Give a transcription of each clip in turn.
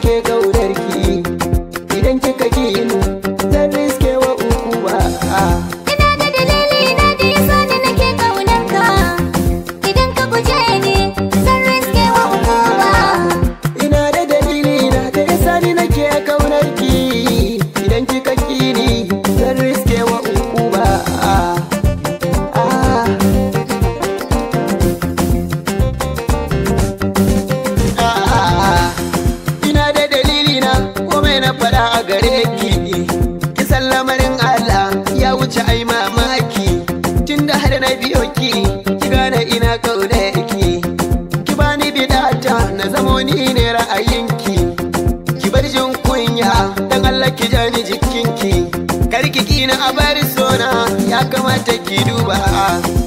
ke gaudarki idan kika ki zan riske wa uku ba wuce ai mamaki tun da har na biyo ki ki gane ina kauna ki ki bani bidata na zamo ni ne ra'ayinki ki bar jin kunya dan Allah ki jani jikinki kar ki kina a sona ya kamata ki duba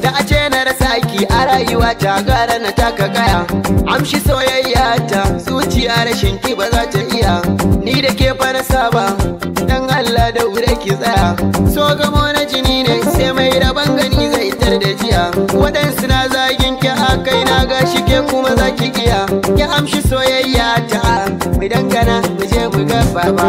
da a ce na rasa aiki a rayuwa ta gara na taka kaya amshi soyayya ta zuciya rashin ki ba za ta iya ni da ke fara saba dan Allah da wure ki tsaya so gamo na jini ne sai mai raban gani zai tar da jiya waɗansu na zagin ki a kai na gashi ke kuma za ki iya ki amshi soyayya ta mu dangana mu je mu ga baba